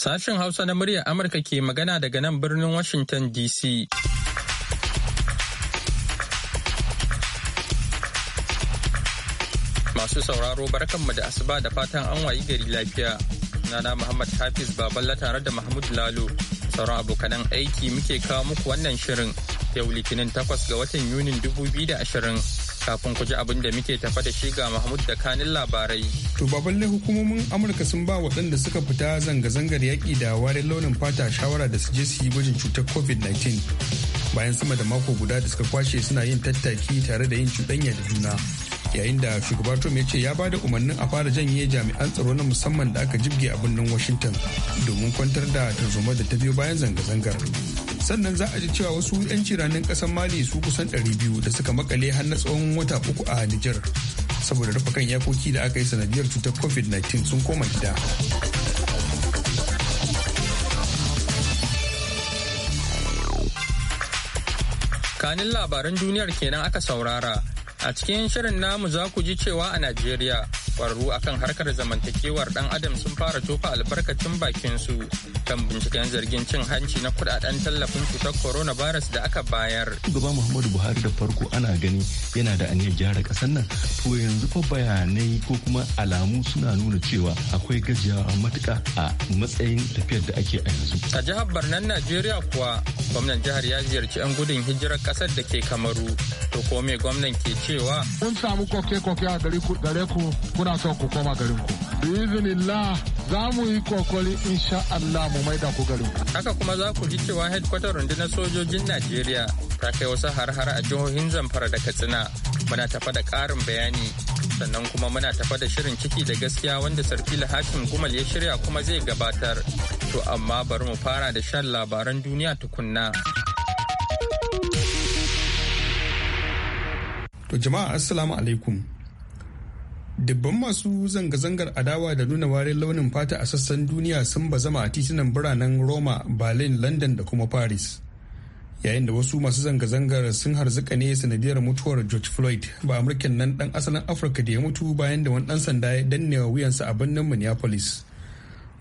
Sashen Hausa na muryar Amurka ke magana daga nan birnin Washington DC. Masu sauraro mu da asuba da fatan an wayi gari lafiya. Nana Muhammad Hafiz Baballa tare da Mahmud Lalo. Sauran abokanan aiki muke kawo muku wannan shirin yau Litinin takwas, ga watan Yunin 2020. kafin ku ji abin da muke tafa da shi ga Mahmud da kanin labarai. To ba balle hukumomin Amurka sun ba waɗanda suka fita zanga-zangar yaƙi da wari launin fata shawara da su je su yi gwajin cutar COVID-19. Bayan sama da mako guda da suka kwashe suna yin tattaki tare da yin cuɗanya da juna. Yayin da shugaba Trump ya ce ya ba da umarnin a fara janye jami'an tsaro na musamman da aka jibge a birnin Washington domin kwantar da tarzoma da ta biyo bayan zanga-zangar. sannan za a ji cewa wasu 'yan ciranin ƙasar mali su kusan 200 da suka makale har na tsawon wata uku a nijar saboda rufe kan yakoki da aka yi sanadiyar cutar covid-19 sun koma gida kanin labaran duniyar kenan aka saurara a cikin shirin namu za ku ji cewa a najeriya kwararru akan harkar zamantakewar dan adam sun fara tofa albarkacin bakin su kan binciken zargin cin hanci na kudaden tallafin cutar coronavirus da aka bayar. gaba Muhammadu Buhari da farko ana gani yana da aniyar gyara kasar nan to yanzu fa bayanai ko kuma alamu suna nuna cewa akwai gajiyawa matuka a matsayin tafiyar da ake a yanzu. A jihar Barnan Najeriya kuwa gwamnan jihar ya ziyarci 'yan gudun hijirar kasar da ke Kamaru. To ko me gwamnan ke cewa? Mun samu koke-koke a gare ku kuna muna son ku koma garin ku za mu yi kokoli insha Allah mu maida ku garin haka kuma za ku ji cewa headquarter rundunar sojojin Najeriya ta kai wasu har-har a jihohin Zamfara da Katsina muna tafa da ƙarin bayani sannan kuma muna tafa da shirin ciki da gaskiya wanda sarki hakim gumal ya shirya kuma zai gabatar to amma bari mu fara da shan labaran duniya tukunna to jama'a assalamu alaikum Dubban masu zanga-zangar adawa da nuna warin launin fata a sassan duniya sun ba zama a titunan biranen Roma, Berlin, London da kuma Paris. Yayin da wasu masu zanga-zangar sun harzuka ne sanadiyar mutuwar George Floyd, ba amurkin nan dan asalin Afirka da ya mutu bayan da wani dan sanda ya danne wuyansa a birnin Minneapolis.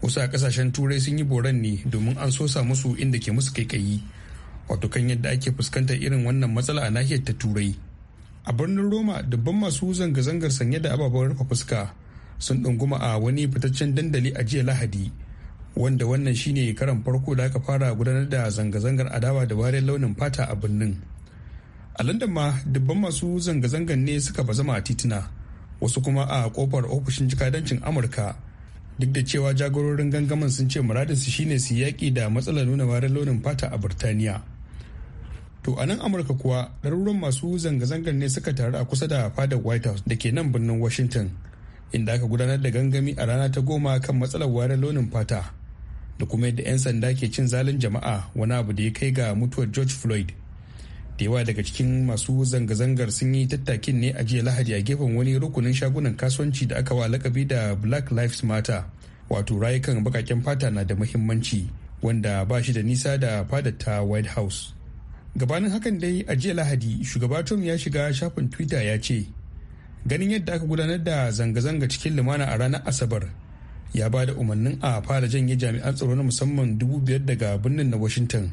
Wasu a kasashen Turai sun yi boran ne domin an sosa musu inda ke musu kaikayi. Wato kan yadda ake fuskantar irin wannan matsala a nahiyar ta Turai. a birnin roma dubban masu zanga-zangar sanye da ababen rufe fuska sun ɗunguma a wani fitaccen dandali a jiya lahadi wanda wannan shine karan farko da aka fara gudanar da zanga-zangar adawa da wariyar launin fata a birnin a london ma dubban masu zanga-zangar ne suka ba zama a tituna wasu kuma a kofar ofishin jikadancin amurka duk da cewa jagororin gangamin sun ce muradinsu shine su yaƙi da matsalar nuna wariyar launin fata a birtaniya To a nan Amurka kuwa ɗaruruwan masu zanga-zangar ne suka taru a kusa da fadar White House da ke nan birnin Washington inda aka gudanar da gangami a rana ta goma kan matsalar ware launin fata da kuma yadda 'yan sanda ke cin zalin jama'a wani abu da ya kai ga mutuwar George Floyd. Da yawa daga cikin masu zanga-zangar sun yi tattakin ne a jiya Lahadi a gefen wani rukunin shagunan kasuwanci da aka wa lakabi da Black Lives Matter wato rayukan bakaken fata na da muhimmanci wanda ba shi da nisa da fadar ta White House. gabanin hakan dai a jiya lahadi shugaba trump ya shiga shafin twitter ya ce ganin yadda aka gudanar da zanga-zanga cikin lumana a ranar asabar ya ba da umarnin a fara janye jami'an tsaro na musamman dubu biyar daga birnin na washington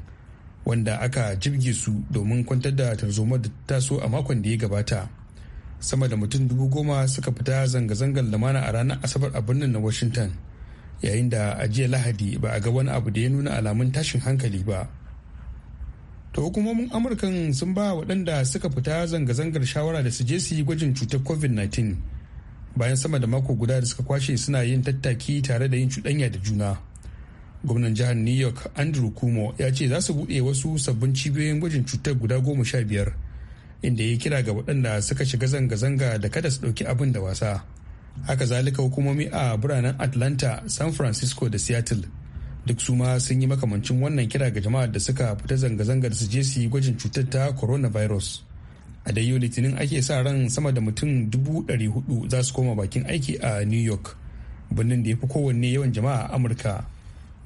wanda aka jibge su domin kwantar da tarzomar da taso a makon da ya gabata sama da mutum dubu goma suka fita zanga-zangar lumana a ranar asabar a birnin na washington yayin da a jiya lahadi ba a ga wani abu da ya nuna alamun tashin hankali ba to hukumomin amurkan sun ba waɗanda suka fita zanga-zangar shawara da su je su yi gwajin cutar covid-19 bayan sama da mako guda da suka kwashe suna yin tattaki tare da yin cuɗanya da juna gwamnan jihar new york andrew kumo ya ce za su buɗe wasu sabbin cibiyoyin gwajin cutar guda goma sha biyar inda ya kira ga waɗanda suka shiga zanga-zanga da kada su ɗauki abin da wasa haka zalika hukumomi a biranen atlanta san francisco da seattle duk su ma sun yi makamancin wannan kira ga jama'ar da suka fita zanga-zangar su je su yi gwajin cutar ta coronavirus a da yau litinin ake sa ran sama da mutum dubu dari hudu za su koma bakin aiki a new york birnin da ya fi kowanne yawan jama'a a amurka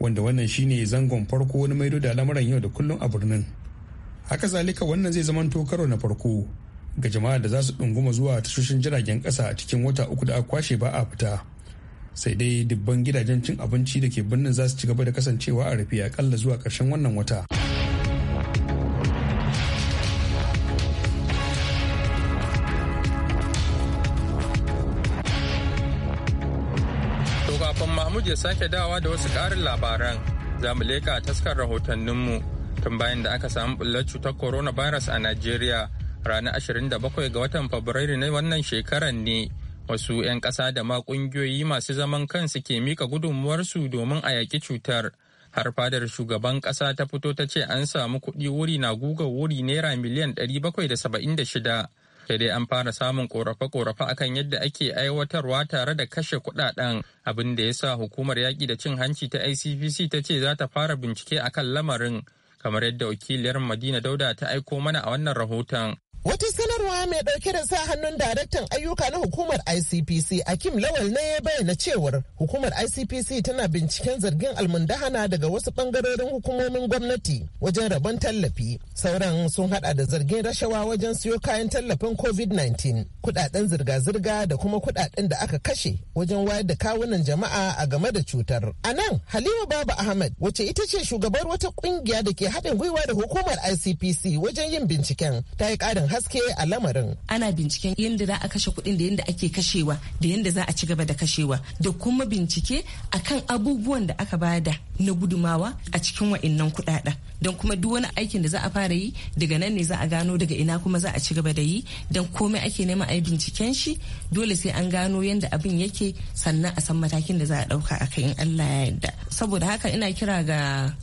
wanda wannan shine zangon farko na maido da lamuran yau da kullum a birnin haka zalika wannan zai zama karo na farko ga jama'a da za su ɗunguma zuwa tashoshin jiragen kasa cikin wata uku da aka kwashe ba a fita sai dai dubban gidajen cin abinci da ke birnin za su ci gaba da kasancewa a rufe akalla zuwa ƙarshen wannan wata. kafin Mahmud ya sake dawa da wasu ƙarin labaran za mu leƙa taskar rahotanninmu tun bayan da aka samu bullar cutar coronavirus a Najeriya ranar 27 ga watan Fabrairu na wannan shekarar ne wasu 'yan ƙasa da ma ƙungiyoyi masu zaman kansu ke mika gudunmuwarsu domin a yaƙi cutar har fadar shugaban ƙasa ta fito ta ce an samu kuɗi wuri na guga wuri naira miliyan 776 sai dai an fara samun korafe-korafe akan yadda ake aiwatarwa tare da kashe kuɗaɗen abin da ya sa hukumar yaƙi da cin hanci ta icpc ta ce za ta fara bincike akan lamarin kamar yadda wakiliyar madina dauda ta aiko mana a wannan rahoton Wata sanarwa mai ɗauke da sa hannun daraktan ayyuka na hukumar ICPC a kim Lawal na ya bayyana cewar hukumar ICPC tana binciken zargin almundahana daga wasu ɓangarorin hukumomin gwamnati wajen rabon tallafi. Sauran sun hada da zargin rashawa wajen siyo kayan tallafin COVID-19, kudaden zirga-zirga da kuma kudaden da aka kashe wajen wayar da kawunan jama'a a game da cutar. A nan Halima Baba Ahmad wace ita ce shugabar wata kungiya da ke haɗin gwiwa da hukumar ICPC wajen yin binciken ta yi ƙarin haske a lamarin. Ana binciken yadda za a kashe kuɗin da yadda ake kashewa da yadda za a ci gaba da kashewa da kuma bincike akan abubuwan da aka bada na gudumawa a cikin wa'innan kuɗaɗen. Don kuma duk wani aikin da za a fara yi daga nan ne za a gano daga ina kuma za a ci gaba da yi don komai ake nema a yi binciken shi dole sai an gano yadda abin yake sannan a san matakin da za a ɗauka a kai in Allah ya yarda. Saboda haka ina kira ga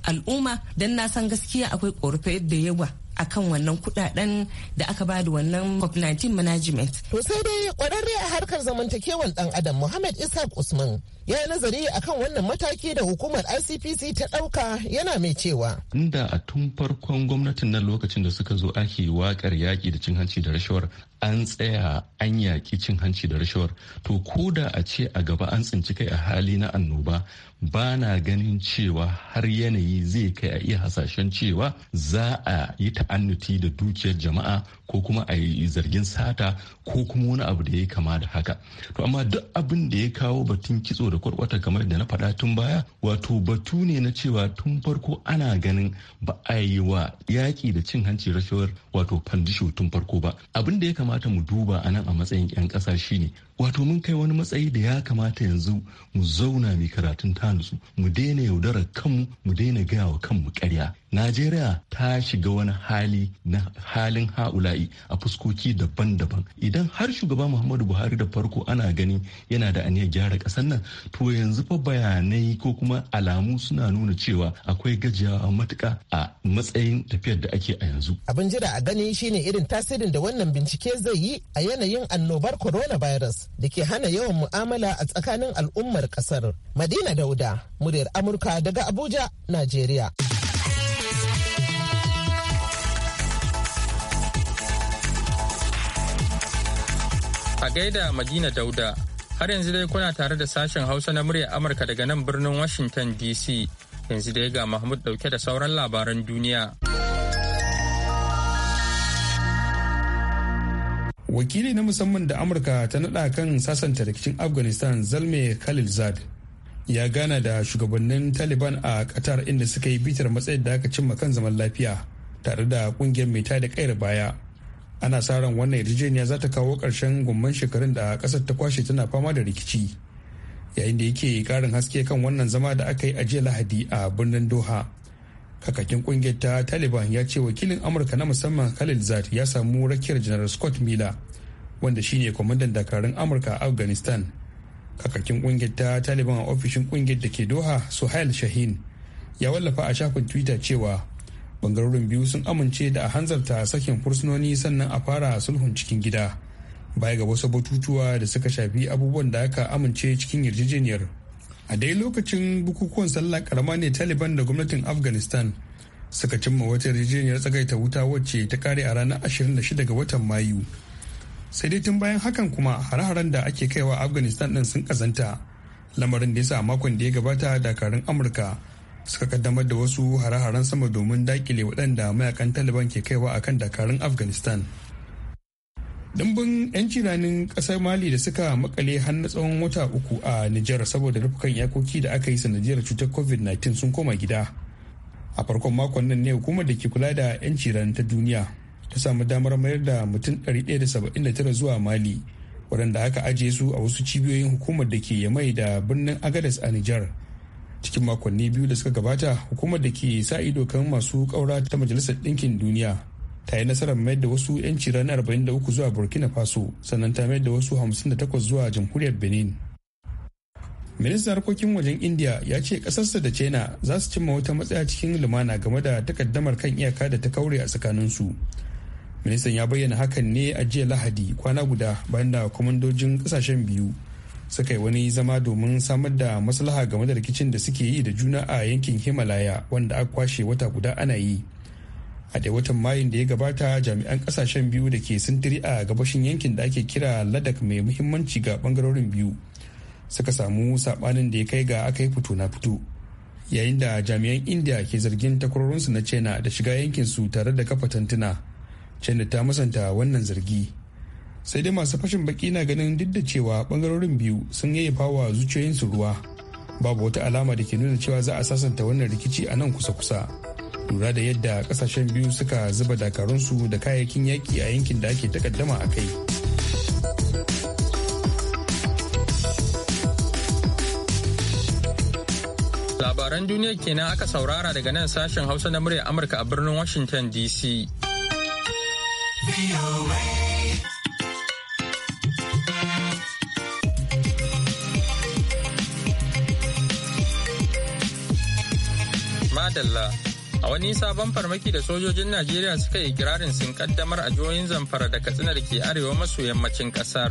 al'umma don na san gaskiya akwai ƙorafi da yawa akan wannan kudaden da aka ba da wannan covid-19 management. To sai dai kwararre a harkar zamantakewan dan adam Muhammad Ishaq Usman ya yi nazari akan wannan mataki da hukumar ICPC ta dauka yana mai cewa. Inda a tun farkon gwamnatin nan lokacin da suka zo ake wakar yaki da cin hanci da rashawar an tsaya an yaƙi cin hanci da rashawar to ko da a ce a gaba an tsinci kai a hali na annoba ba na ganin cewa har yanayi zai kai a iya hasashen cewa za a yi ta'annuti da dukiyar jama'a ko kuma a yi zargin sata ko kuma wani abu da ya kama da haka to amma duk abin da ya kawo batun kitso da kwarkwata kamar da na faɗa tun baya wato batu ne na cewa tun farko ana ganin ba a yi wa yaƙi da cin hanci rashawar wato fandisho tun farko ba abin da ya kamata mu duba a nan a matsayin 'yan ƙasa shine wato mun kai wani matsayi da ya kamata yanzu mu zauna mai karatun ta nutsu mu daina yaudarar kanmu mu daina gaya wa kanmu karya najeriya ta shiga wani hali na halin ha'ula'i a fuskoki daban-daban idan har shugaba muhammadu buhari da farko ana gani yana da aniyar gyara ƙasar nan to yanzu fa bayanai ko kuma alamu suna nuna cewa akwai gajiyawa matuka a matsayin tafiyar da ake a yanzu abin jira a gani shine irin tasirin da wannan bincike zai yi a yanayin annobar coronavirus da ke hana yawan mu'amala a tsakanin al'ummar kasar. Madina Dauda, muryar Amurka daga Abuja, Najeriya. A gaida Madina Dauda, har yanzu dai kuna tare da sashen Hausa na muryar Amurka daga nan birnin Washington DC. Yanzu dai ga Mahmud dauke da sauran labaran duniya. wakili na musamman da amurka ta nada kan sasanta rikicin afghanistan zalme khalilzad ya gana da shugabannin taliban a qatar inda suka yi bitar matsayin da aka cimma kan zaman lafiya tare da kungiyar mai da kayar baya ana sa ran wannan yarjejeniya za ta kawo ƙarshen gumman shekarun da ƙasar ta kwashe tana fama da rikici yayin da yake ƙarin haske kan wannan zama da aka yi a jiya lahadi a birnin doha kakakin kungiyar ta taliban ya ce wakilin amurka na musamman khalil zad ya samu rakiyar janar scott miller wanda shine kwamandan dakarun amurka a afghanistan kakakin kungiyar ta taliban a ofishin kungiyar da ke doha suhail shahin ya wallafa a shafin twitter cewa bangarorin biyu sun amince da a hanzarta sakin fursunoni sannan a fara sulhun cikin gida baya ga wasu batutuwa da suka shafi abubuwan da aka amince cikin yarjejeniyar a dai lokacin bukukuwan sallah karama ne taliban da gwamnatin afghanistan suka cimma wata yarjejeniyar tsagaita wuta wacce ta kare a ranar 26 ga watan mayu sai dai tun bayan hakan kuma har haren da ake kaiwa afghanistan din sun kazanta lamarin da ya sa makon da ya gabata dakarun amurka suka kaddamar da wasu har haren sama domin dakile waɗanda mayakan taliban ke kaiwa akan dakarun afghanistan dimbin 'yan cinanin kasar mali da suka makale har tsawon wata uku a nijar saboda rufukan yakoki da aka yi sanadiyar cutar covid-19 sun koma gida a farkon makon nan ne hukumar da ke kula da 'yan ciran ta duniya ta samu damar mayar da mutum 179 zuwa mali waɗanda aka ajiye su a wasu cibiyoyin hukumar da ke yamai da birnin agadas a nijar cikin makonni biyu da suka gabata hukumar da ke sa ido kan masu ƙaura ta majalisar ɗinkin duniya ta yi nasarar mayar da wasu 'yanci ranar 43 zuwa burkina faso sannan ta mayar da wasu 58 zuwa jamhuriyar benin ministan harkokin wajen india ya ce kasarsa da china za su cimma wata matsaya cikin lumana game da takaddamar kan iyaka da ta kaure a tsakaninsu ministan ya bayyana hakan ne a jiya lahadi kwana guda bayan da kwamandojin kasashen biyu suka yi wani zama domin samar da maslaha game da rikicin da suke yi da juna a yankin himalaya wanda aka kwashe wata guda ana yi a dai watan mayun da ya gabata jami'an kasashen biyu da ke sintiri a gabashin yankin da ake kira ladak mai muhimmanci ga bangarorin biyu suka samu sabanin da ya kai ga aka yi fito na fito yayin da jami'an india ke zargin takwarorinsu na china da shiga yankin su tare da kafa tantuna china ta musanta wannan zargi sai dai masu fashin baki na ganin duk da cewa bangarorin biyu sun yi wa zuciyoyinsu ruwa babu wata alama da ke nuna cewa za a sasanta wannan rikici a nan kusa-kusa lura da yadda kasashen biyu suka zuba dakarunsu da kayayyakin yaki a yankin da ake takaddama a kai labaran duniya kenan aka saurara daga nan sashen hausa na murya amurka a birnin washington dc madalla a wani sabon farmaki da sojojin najeriya suka yi girarin sun kaddamar a jihohin zamfara da katsina da ke arewa maso yammacin kasar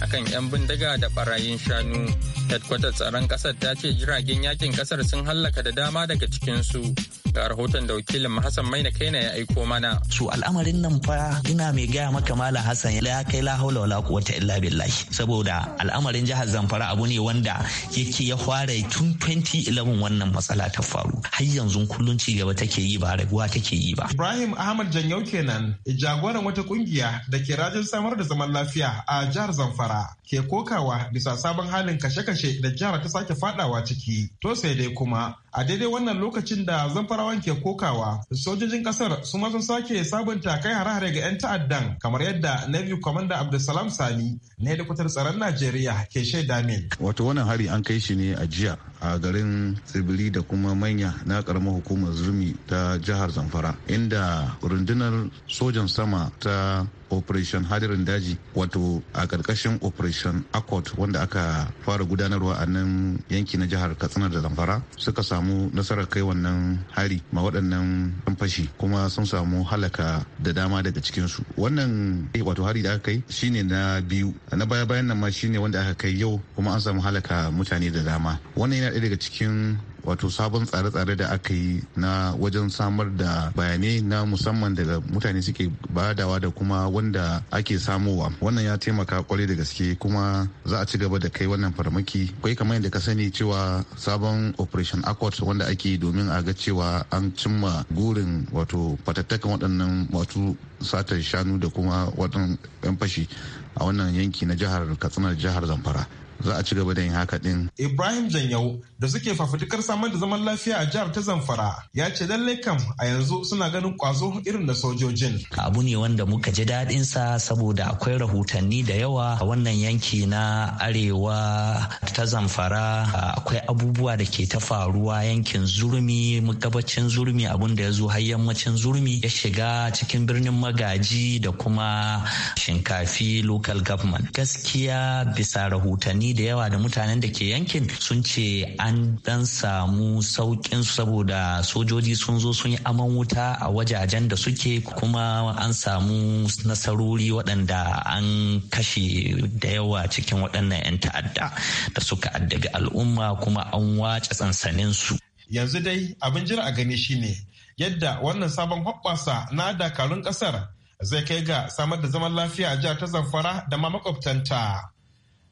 akan 'yan bindiga da barayin shanu Headkwatar tsaron ƙasar ta ce jiragen yakin ƙasar sun hallaka da dama daga cikinsu. Ga rahoton da wakilin Hassan Maina Kaina ya aiko mana. Su al'amarin nan fa ina mai gaya maka Malam Hassan ya kai la haula wala quwwata illa billahi saboda al'amarin jihar Zamfara abu ne wanda yake ya fara tun 2011 wannan matsala ta faru. Har yanzu kullun ci gaba take yi ba raguwa take yi ba. Ibrahim Ahmad Janyau kenan jagoran wata kungiya da ke rajin samar da zaman lafiya a jihar Zamfara ke kokawa bisa sabon halin kashe-kashe kashe da jihar ta sake fadawa ciki to sai dai kuma a daidai wannan lokacin da zamfarawan ke kokawa sojojin kasar su ma sun sake sabunta kai hare-hare ga 'yan ta'addan kamar yadda navy commander abdulsalam sani na hedikwatar tsaron najeriya ke shaida min wato wannan hari an kai shi ne a jiya a garin tsibiri da kuma manya na karamar hukumar zumi ta jihar zamfara inda rundunar sojan sama ta operation hadarin daji wato a ƙarƙashin operation accord wanda aka fara gudanarwa a nan yanki na jihar katsina da zamfara suka samu nasarar kai wannan hari ma waɗannan ɗan fashi kuma sun samu halaka da dama daga cikinsu wannan eh, wato hari da aka kai shine na biyu na baya bayan nan ma shine wanda aka kai yau kuma an samu halaka mutane da dama wannan yana ɗaya daga cikin wato sabon tsare-tsare da aka yi na wajen samar da bayanai na musamman daga mutane suke badawa da kuma wanda ake samowa wannan ya taimaka kwarai da gaske kuma za a ci gaba da kai wannan farmaki kai kamar yadda ka sani cewa sabon operation accord wanda ake domin a ga cewa an cimma gurin wato fatattakan waɗannan wato satar shanu da kuma waɗannan 'yan fashi a wannan yanki na jihar katsina jihar zamfara za a ci gaba da yin haka din. Ibrahim Janyau da suke fafutukar samar da zaman lafiya a jihar ta Zamfara ya ce lallai kam a yanzu suna ganin kwazo irin da sojojin. Abu ne wanda muka ji daɗin sa saboda akwai rahotanni da yawa a wannan yanki na arewa ta Zamfara akwai abubuwa da ke ta faruwa yankin zurmi gabacin zurmi abun da ya zo har yammacin zurmi ya shiga cikin birnin magaji da kuma shinkafi local government gaskiya bisa rahotanni rahotanni da yawa da mutanen da ke yankin sun ce an dan samu saukin saboda sojoji sun zo sun yi aman wuta a wajajen da suke kuma an samu nasarori waɗanda an kashe da yawa cikin waɗannan 'yan ta'adda da suka addabi al'umma kuma an wace tsansanin su. Yanzu dai abin jira a gani shine yadda wannan sabon hoɓɓasa na dakarun ƙasar zai kai ga samar da zaman lafiya a jihar ta zamfara da ma makwabtanta.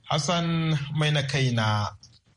Hassan Mainakaina,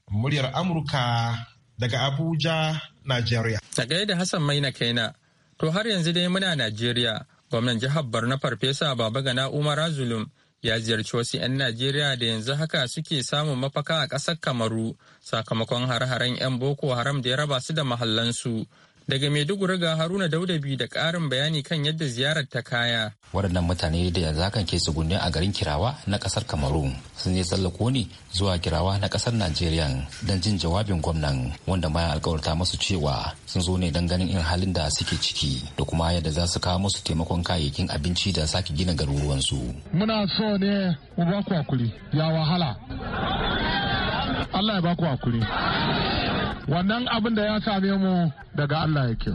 muryar Amurka daga Abuja, Najeriya. Daga da Hassan Mainakaina to har yanzu dai muna Najeriya, gwamnan jihar Borno Farfesa Baba Gana Umar Azulum ya ziyarci wasu 'yan Najeriya da yanzu haka suke samun mafaka a ƙasar Kamaru sakamakon har-haren 'yan Boko Haram da ya raba su da mahallansu Daga Maiduguri ga Haruna Dauda Daudabi da ƙarin bayani kan yadda ziyarar ta kaya. Waɗannan mutane da yanzu zakan ke tsugunne a garin Kirawa na ƙasar Kamaru sun yi tsallako ne zuwa Kirawa na ƙasar Najeriya don jin jawabin gwamnan wanda bayan alkawarta musu cewa sun zo ne don ganin irin halin da suke ciki da kuma yadda za su kawo musu taimakon kayayyakin abinci da sake gina garuruwansu. Muna so ne mu ba ku hakuri ya wahala. Allah ya ba ku hakuri. wannan abin da ya same mu daga Allah yake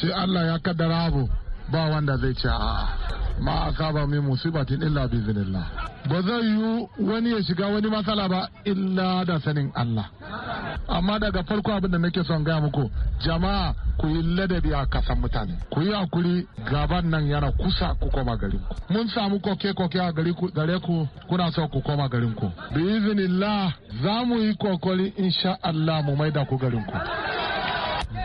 shi Allah ya kaddara abu ba wanda zai ce a'a ma aka ba min musibatin illa bi ba zai yi wani ya shiga wani matsala ba illa da sanin Allah amma daga farko abin da nake son gaya muku jama'a ku yi ladabi a kasan mutane ku yi hakuri gaban nan yana kusa ku koma garin ku mun samu koke koke a gare ku kuna so ku koma garin ku bi izinillah za mu yi kokari insha Allah mu maida ku garin ku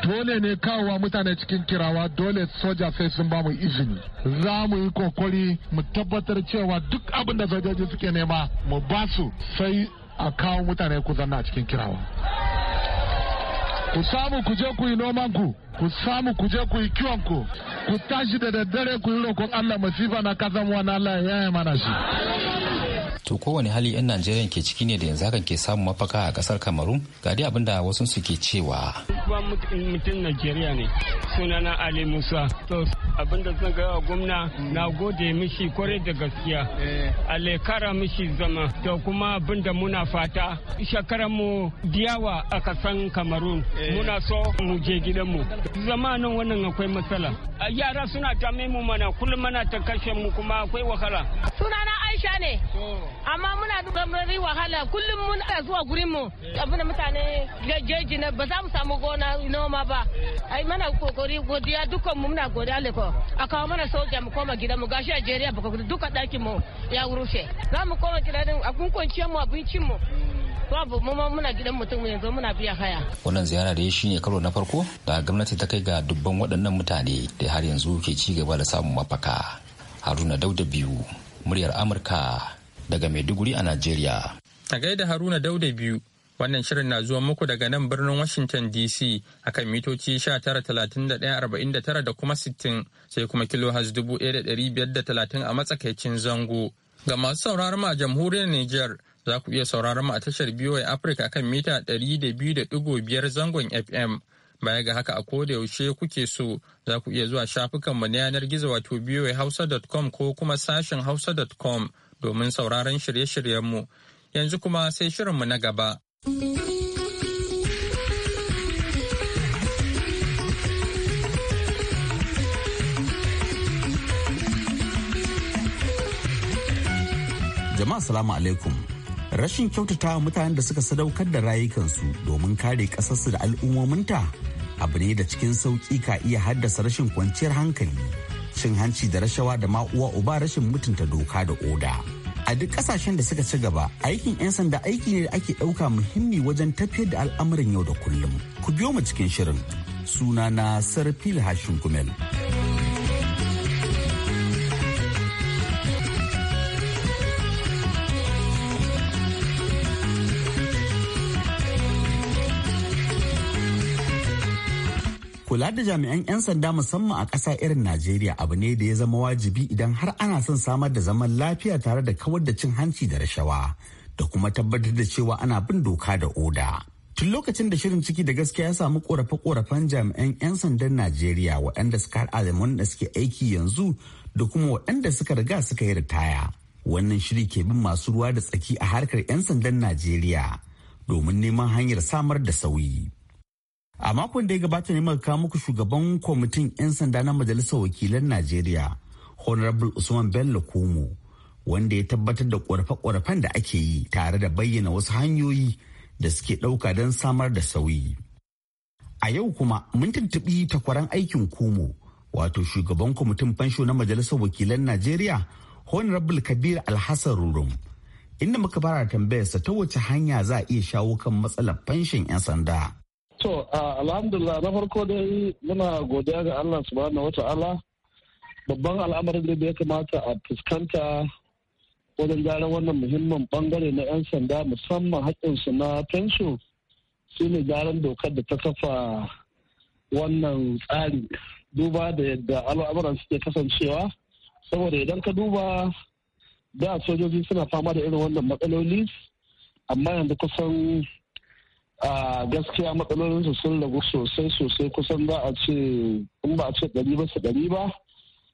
dole ne kawowa mutane cikin kirawa dole soja sai sun ba mu izini za mu yi kokari mu tabbatar cewa duk abin da sojoji suke nema mu ba su sai a kawo mutane ku zanna cikin kirawa ku samu ku je ku yi nomanku ku samu ku je ku yi kiwonku ku tashi da daddare ku yi roƙon allah masifa na kazan wani allah ya yi mana shi to kowane hali 'yan najeriya ke ciki ne da yanzu hakan ke samun mafaka a kasar Kamarun ga dai abinda wasu su ke cewa mutum najeriya ne sunana ali musa to abinda zan ga wa gwamna na gode mishi kwarai da gaskiya eh. ale kara mishi zama to kuma abinda muna fata shakarar mu diyawa a kasan kamarun eh. muna so mu je gidan mu zama nan wannan akwai matsala yara suna ta mu mana kullum mana ta kashe mu kuma akwai wahala sha ne amma muna dukamari wahala kullum mun ana zuwa gurin mu eh. abin mutane jeji ne ba za mu samu gona noma ba eh. ai mana kokori godiya dukkan mu muna godiya leko a kawo mana soja mu koma gida mu gashi Najeriya ba duka dakin mu ya rushe za mu koma gida din a kunkunciyar mu abincin mu hmm. babu mu muna gidan mutum yanzu muna biya haya. Wannan ziyara da ya shi ne karo na farko da gwamnati ta kai ga dubban waɗannan mutane da har yanzu ke ci gaba da samun mafaka. Haruna Dauda biyu muryar Amurka daga Maiduguri a Najeriya. A gaida Haruna Dauda biyu, wannan shirin na zuwa muku daga nan birnin Washington DC a kan mitoci 19,31,49 da kuma 60 sai kuma kilo has 1,530 a matsakaicin zango. Ga masu sauraron mu a jamhuriyar Nijar za ku iya sauraron mu a tashar BOA Afirka kan mita biyar zangon FM. Baya ga haka a yaushe kuke so za ku iya zuwa shafukanmu na yanar gizo wato hausa.com ko kuma sashen hausa.com domin sauraron shirye-shiryenmu. Yanzu kuma sai shirinmu na gaba. Jama'a salamu alaikum. rashin kyautata wa mutanen da suka sadaukar da rayukansu domin kare ƙasarsu da al'ummominta abu ne da cikin sauƙi ka iya haddasa rashin kwanciyar hankali cin hanci da rashawa da ma uwa uba rashin mutunta doka da oda a duk ƙasashen da suka ci gaba aikin 'yan sanda aiki ne da ake ɗauka muhimmi wajen tafiyar da al'amuran yau da kullum ku biyo mu cikin shirin sunana sarfil hashin kumel. Kula da jami'an 'yan sanda musamman a ƙasa irin Najeriya abu ne da ya zama wajibi idan har ana son samar da zaman lafiya tare da kawar da cin hanci da rashawa da kuma tabbatar da cewa ana bin doka da oda. Tun lokacin da shirin ciki da gaskiya ya samu korafe-korafen jami'an 'yan sandan Najeriya waɗanda suka har da suke aiki yanzu da kuma waɗanda suka riga suka yi ritaya. Wannan shiri ke bin masu ruwa da tsaki a harkar 'yan sandan Najeriya domin neman hanyar samar da sauyi. A makon da ya gabata ne muka kawo muku shugaban kwamitin 'yan sanda na Majalisar Wakilan Najeriya, Honorable Usman Bello Kumu wanda ya tabbatar da ƙorafe-ƙorafen da ake yi tare da bayyana wasu hanyoyi da suke ɗauka don samar da sauyi. A yau kuma mun tuntuɓi takwaran aikin Kumu wato shugaban kwamitin fansho na Majalisar Wakilan Najeriya, Honorable Kabir Alhassan Rurum. Inda muka fara tambayarsa ta wace hanya za a iya shawo kan matsalar fanshin 'yan sanda. To, alhamdulillah na farko dai muna godiya ga Allah subhanahu wa ta'ala babban al'amarin da ya kamata a fuskanta wajen gyaran wannan muhimmin bangare na 'yan sanda musamman haƙƙinsu na fensho su ne gyaran dokar da ta kafa wannan tsari duba da yadda al'amuran suke kasancewa saboda idan ka duba da sojoji suna fama da irin wannan matsaloli amma yanzu kusan a gaskiya matsalolinsu sun ragu sosai sosai kusan za a ce in ba a ce ɗari ba su ɗari ba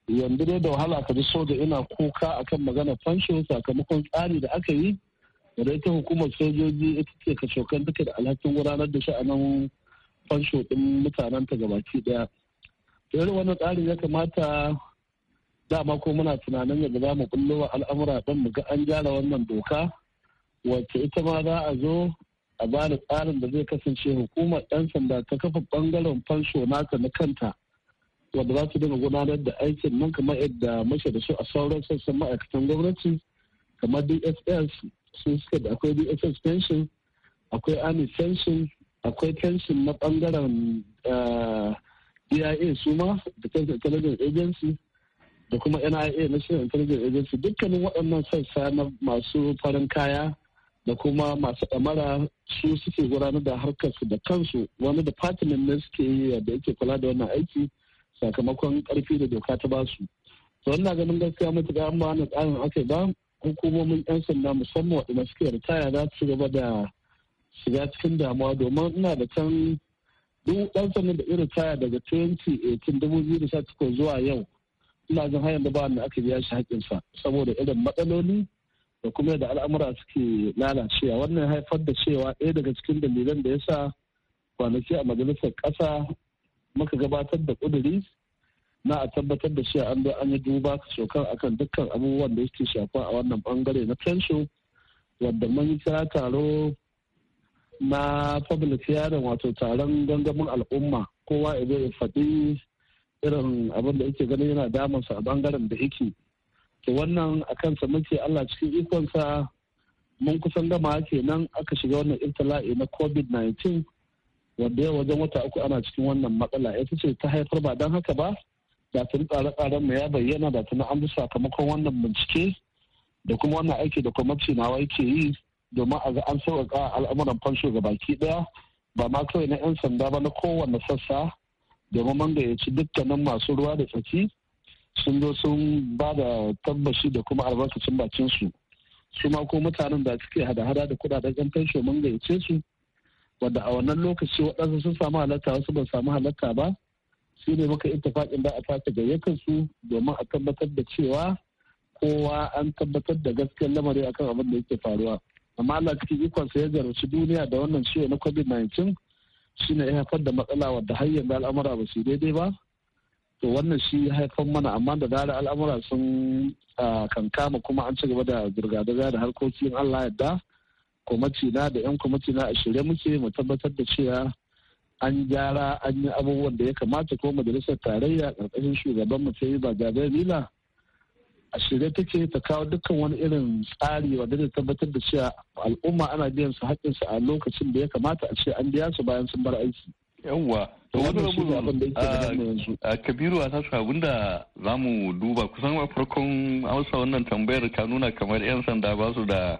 yanzu dai da wahala ka ji soja ina kuka akan magana fanshin sakamakon tsari da aka yi da ita hukumar sojoji ita ce ka shokan duka da alhakin gudanar da shi a nan fansho ɗin mutanen ta gabaki daya. irin wannan tsarin ya kamata dama ko muna tunanin yadda za mu wa al'amura don mu ga an gyara wannan doka wacce ita ma za a zo a bada tsarin da zai kasance hukumar 'yan sanda ta kafa bangaren fansho naka na kanta wanda za su dinga gudanar da aikin nan kamar yadda mace da su a sauran sassan ma'aikatan gwamnati kamar dss sun suka da akwai dss pension akwai army pension akwai pension na bangaren eh, dia su ma defense intelligence agency da kuma nia national intelligence agency dukkanin waɗannan sassa na masu farin kaya da kuma masu ɗamara su suke gudanar da harkar da kansu wani da fatinin ne suke yi da yake kula da wannan aiki sakamakon karfi da doka ta basu to wannan ganin gaskiya matuƙa an ba wani tsarin aka ba hukumomin yan sanda musamman waɗanda suke ritaya za su gaba da shiga cikin damuwa domin ina da can duk ɗan sanda da irin taya daga 2018 zuwa yau ina jin hanyar da ba wanda aka biya shi haƙƙinsa saboda irin matsaloli da kuma da al'amura suke lalacewa wannan haifar da cewa ɗaya daga cikin dalilan da ya sa kwanaki a majalisar ƙasa muka gabatar da ƙuduri na a tabbatar da cewa an an yi duba shokar akan dukkan abubuwan da suke shafa a wannan bangare na fensho wadda mun kira taro na public hearing wato taron gangamin al'umma kowa ya faɗi irin abin da yake ganin yana damunsa a bangaren da yake to wannan a kansa muke allah cikin ikonsa mun kusan gama nan aka shiga wannan iftila'i na covid-19 wanda ya wajen wata uku ana cikin wannan matsala ita ce ta haifar ba don haka ba da tun tsare-tsaren mu ya bayyana da tun an bi sakamakon wannan bincike da kuma wannan aiki da kwamiti nawa yake yi domin a ga an sauƙaƙa al'amuran fansho ga baki ɗaya ba ma kawai na 'yan sanda ba na kowane sassa domin man gayyaci dukkanin masu ruwa da tsaki sun zo sun ba da tabbashi da kuma albarkacin bakin su su ma ko mutanen da suke hada-hada da kudaden yan fensho mun gayyace su wanda a wannan lokaci waɗansu sun samu halatta wasu ba samu halatta ba su ne muka ittifaƙin da a fata gayyakan su domin a tabbatar da cewa kowa an tabbatar da gaskiyar lamari akan abin da yake faruwa amma Allah cikin sa ya zarci duniya da wannan ciwo na covid-19 shine ya haifar da matsala wadda har yanzu al'amura ba su daidai ba to wannan shi haifan mana amma da dare al'amura sun kankama kuma an ci gaba da zirga-zirga da harkokin allah yadda cina da 'yan cina a shirye muke mu tabbatar da cewa an gyara an yi abubuwan da ya kamata ko majalisar tarayya ƙarƙashin shugaban mu sai ba jabe a shirye take ta kawo dukkan wani irin tsari wanda zai tabbatar da cewa al'umma ana biyan su haƙƙinsu a lokacin da ya kamata a ce an biya su bayan sun bar aiki. yawwa a kabiru da kabiru a tasu abinda za mu duba kusan a farkon amsa wannan tambayar ka nuna kamar yan sanda ba su da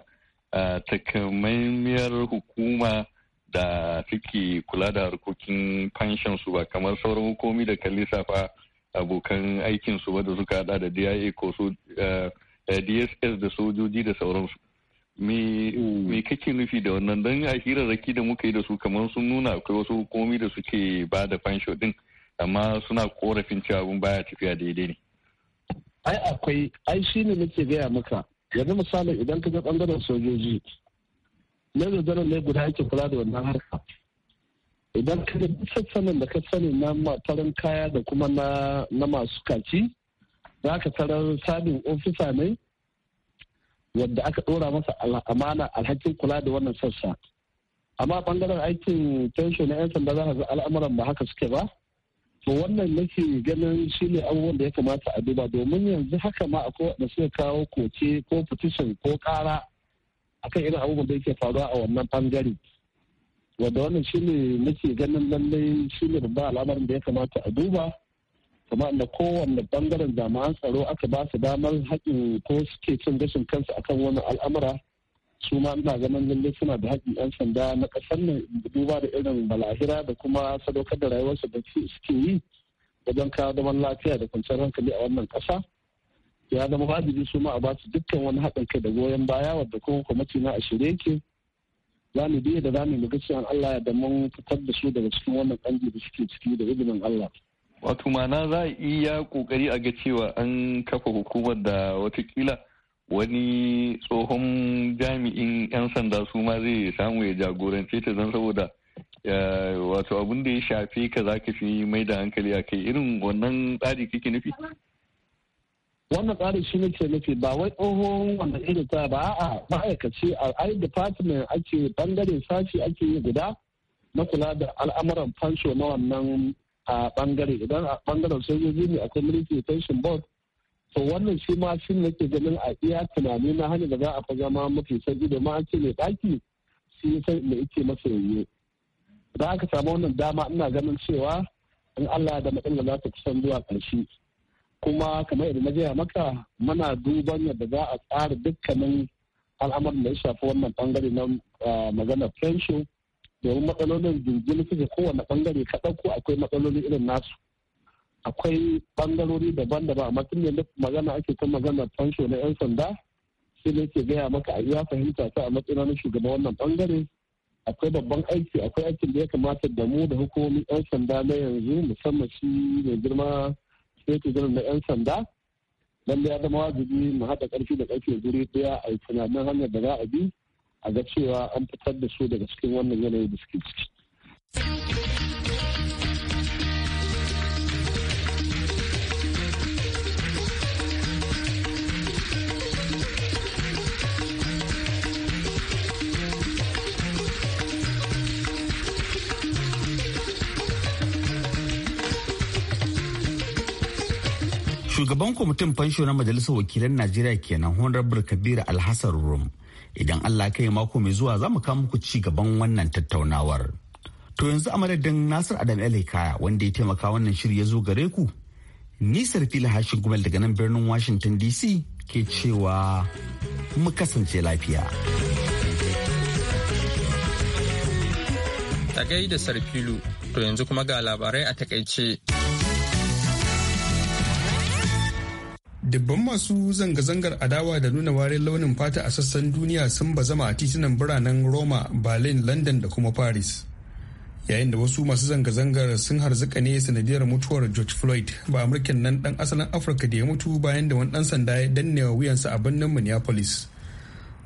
takamaimiyar hukuma da take kula da harkokin fanshin su ba kamar sauran hukumi da kalisa lissafa abokan aikin su ba da suka hada da DIA ko DSS da sojoji da sauransu. Mm. me kake nufi da wannan don a hirarraki da muka yi da su kamar sun nuna akwai wasu hukumomi da suke ba da fansho din amma suna korafin cewa abun baya tafiya daidai ne ai akwai ai shi ne nake gaya maka yanzu misalin idan ka ga bangaren sojoji na zazzaren ne guda ake kula da wannan harka idan ka ga sassanin da ka sani na matarin kaya da kuma na masu kaci za ka tarar sabin ofisa ne wadda aka ɗora masa amana alhakin kula da wannan sassa amma bangaren aikin tensho na 'yan sanda za ga al'amuran ba haka suke ba to wannan nake ganin shi ne abubuwan da ya kamata a duba domin yanzu haka ma akwai waɗanda suka kawo koke ko petition ko ƙara akan irin abubuwan da yake faruwa a wannan bangare wanda wannan shi ne nake ganin lallai shi ne babban al'amarin da ya kamata a duba kuma da kowanne bangaren jami'an tsaro aka ba su damar haƙin ko suke cin gashin kansu akan wani al'amura su ma ina ganin lalle suna da haƙin 'yan sanda na ƙasar nan duba da irin balahira da kuma sadaukar da rayuwarsu da suke yi wajen kawo zaman lafiya da kwanciyar hankali a wannan ƙasa ya zama wajibi su ma a basu dukkan wani haɗin kai da goyon baya wadda ko kwamiti na a shirye ke za mu biya da za mu ga an Allah ya da mun fitar da su daga cikin wannan ƙangi da suke ciki da izinin Allah. wato mana za a iya kokari a ga cewa an kafa hukumar da watakila wani tsohon jami'in 'yan sanda su ma zai samu ya jagorance ta don saboda wato abin da ya shafi ka za ka fi mai da hankali a kai irin wannan tsari kake nufi wannan tsari shi ne ke nufi ba wai tsohon wanda irin ta ba a ma'aikaci a ai department ake bangare sashi ake yi guda na kula da al'amuran fansho na wannan a bangare idan a bangaren sojoji ne akwai military pension board to wannan shi ma shi nake ganin a iya tunani na hanyar da za a fa zama mafi sauki da ma an ce mai daki shi ya san me masa yayye idan aka samu wannan dama ina ganin cewa in Allah da matsalar za ta kusan zuwa ƙarshe kuma kamar yadda na gaya maka muna duban yadda za a tsara dukkanin al'amarin da ya shafi wannan bangare na eh, maganar pension domin matsalolin jirgin suke kowane bangare ka ko akwai matsaloli irin nasu akwai bangarori daban-daban amma tun yadda magana ake kan magana fansho na 'yan sanda shi ne ke gaya maka a iya fahimta ta a matsayin na wannan bangare akwai babban aiki akwai aikin da ya kamata da mu da hukumomin 'yan sanda na yanzu musamman shi mai girma sai na 'yan sanda lalle ya zama wajibi mu haɗa ƙarfi da ƙarfe guri ɗaya a tunanin hanyar da za a bi a ga cewa an fitar da su daga cikin wannan yanayi da suke ciki. shugaban kwamitin fansho na majalisar wakilan najeriya kenan honorable kabir alhassan rum idan allah kai mako mai zuwa za mu kawo muku ci gaban wannan tattaunawar to yanzu a madadin nasir adam Elikaya wanda ya taimaka wannan shiri ya zo gare ku Ni Sarfi Lahashin gumel daga nan birnin washington dc ke cewa mu kasance lafiya gai da sarfilu to yanzu kuma ga labarai a takaice. dubban masu zanga-zangar adawa da nuna warin launin fata a sassan duniya sun bazama a titunan biranen roma berlin london da kuma paris yayin da wasu masu zanga-zangar sun harzuka ne sanadiyar mutuwar george floyd ba amurkin nan dan asalin afirka da ya mutu bayan da wani dan sanda ya danne wuyansa a birnin minneapolis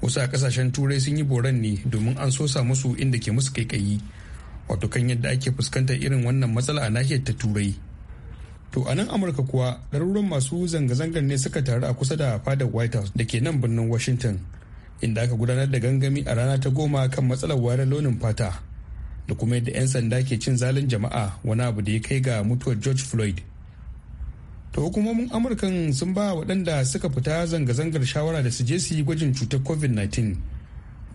wasu a kasashen turai sun yi boran ne domin an sosa musu inda ke musu kaikayi wato kan yadda ake fuskantar irin wannan matsala a nahiyar ta turai To a nan Amurka kuwa ɗaruruwan masu zanga-zangar ne suka taru a kusa da fadar White House da ke nan birnin Washington inda aka gudanar da gangami a rana ta goma kan matsalar wayar launin fata da kuma yadda 'yan sanda ke cin zalin jama'a wani abu da ya kai ga mutuwar George Floyd. To hukumomin Amurkan sun ba waɗanda suka fita zanga-zangar shawara da su je su yi gwajin cutar COVID-19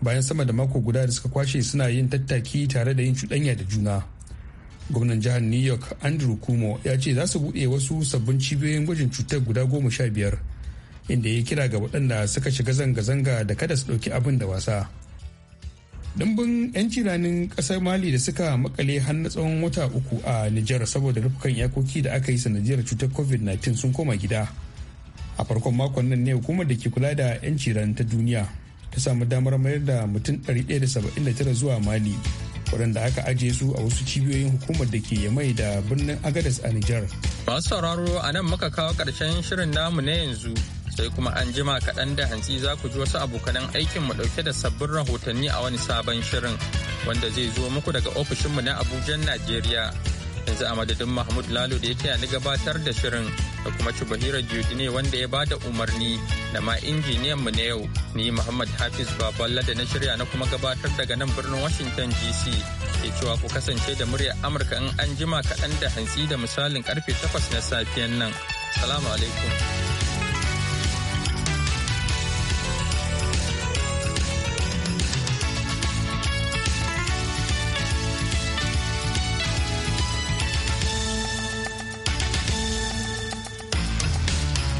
bayan sama da mako guda da suka kwashe suna yin tattaki tare da yin cuɗanya da juna. gwamnan jihar new york andrew kumo ya ce za su buɗe wasu sabbin cibiyoyin gwajin cutar guda goma sha biyar inda ya kira ga waɗanda suka shiga zanga-zanga da kada su ɗauki abin da wasa dimbin 'yan jiranin ƙasar mali da suka makale har na tsawon wata uku a nijar saboda rufukan iyakoki da aka yi sanadiyar cutar covid-19 sun koma gida a farkon makon nan ne hukumar da ke kula da 'yan jiran ta duniya ta samu damar mayar da mutum 179 zuwa mali waɗanda aka ajiye su a wasu cibiyoyin hukumar da ke yamai da birnin agadas a Nijar. Masu sauraro a nan muka kawo ƙarshen shirin namu na yanzu sai kuma an jima kaɗan da hantsi za ku ji wasu abokanan aikin mu ɗauke da sabbin rahotanni a wani sabon shirin wanda zai zo muku daga ofishinmu na Abuja Najeriya. yanzu a madadin mahmud lalo da ya taya ni gabatar da shirin da kuma bahira juji ne wanda ya bada umarni da ma injiniyan mu na yau ni muhammad hafiz baballa da na shirya na kuma gabatar daga nan birnin washington dc ke cewa ku kasance da muryar amurka in an jima kaɗan da hantsi da misalin karfe 8 na safiyan nan salamu alaikum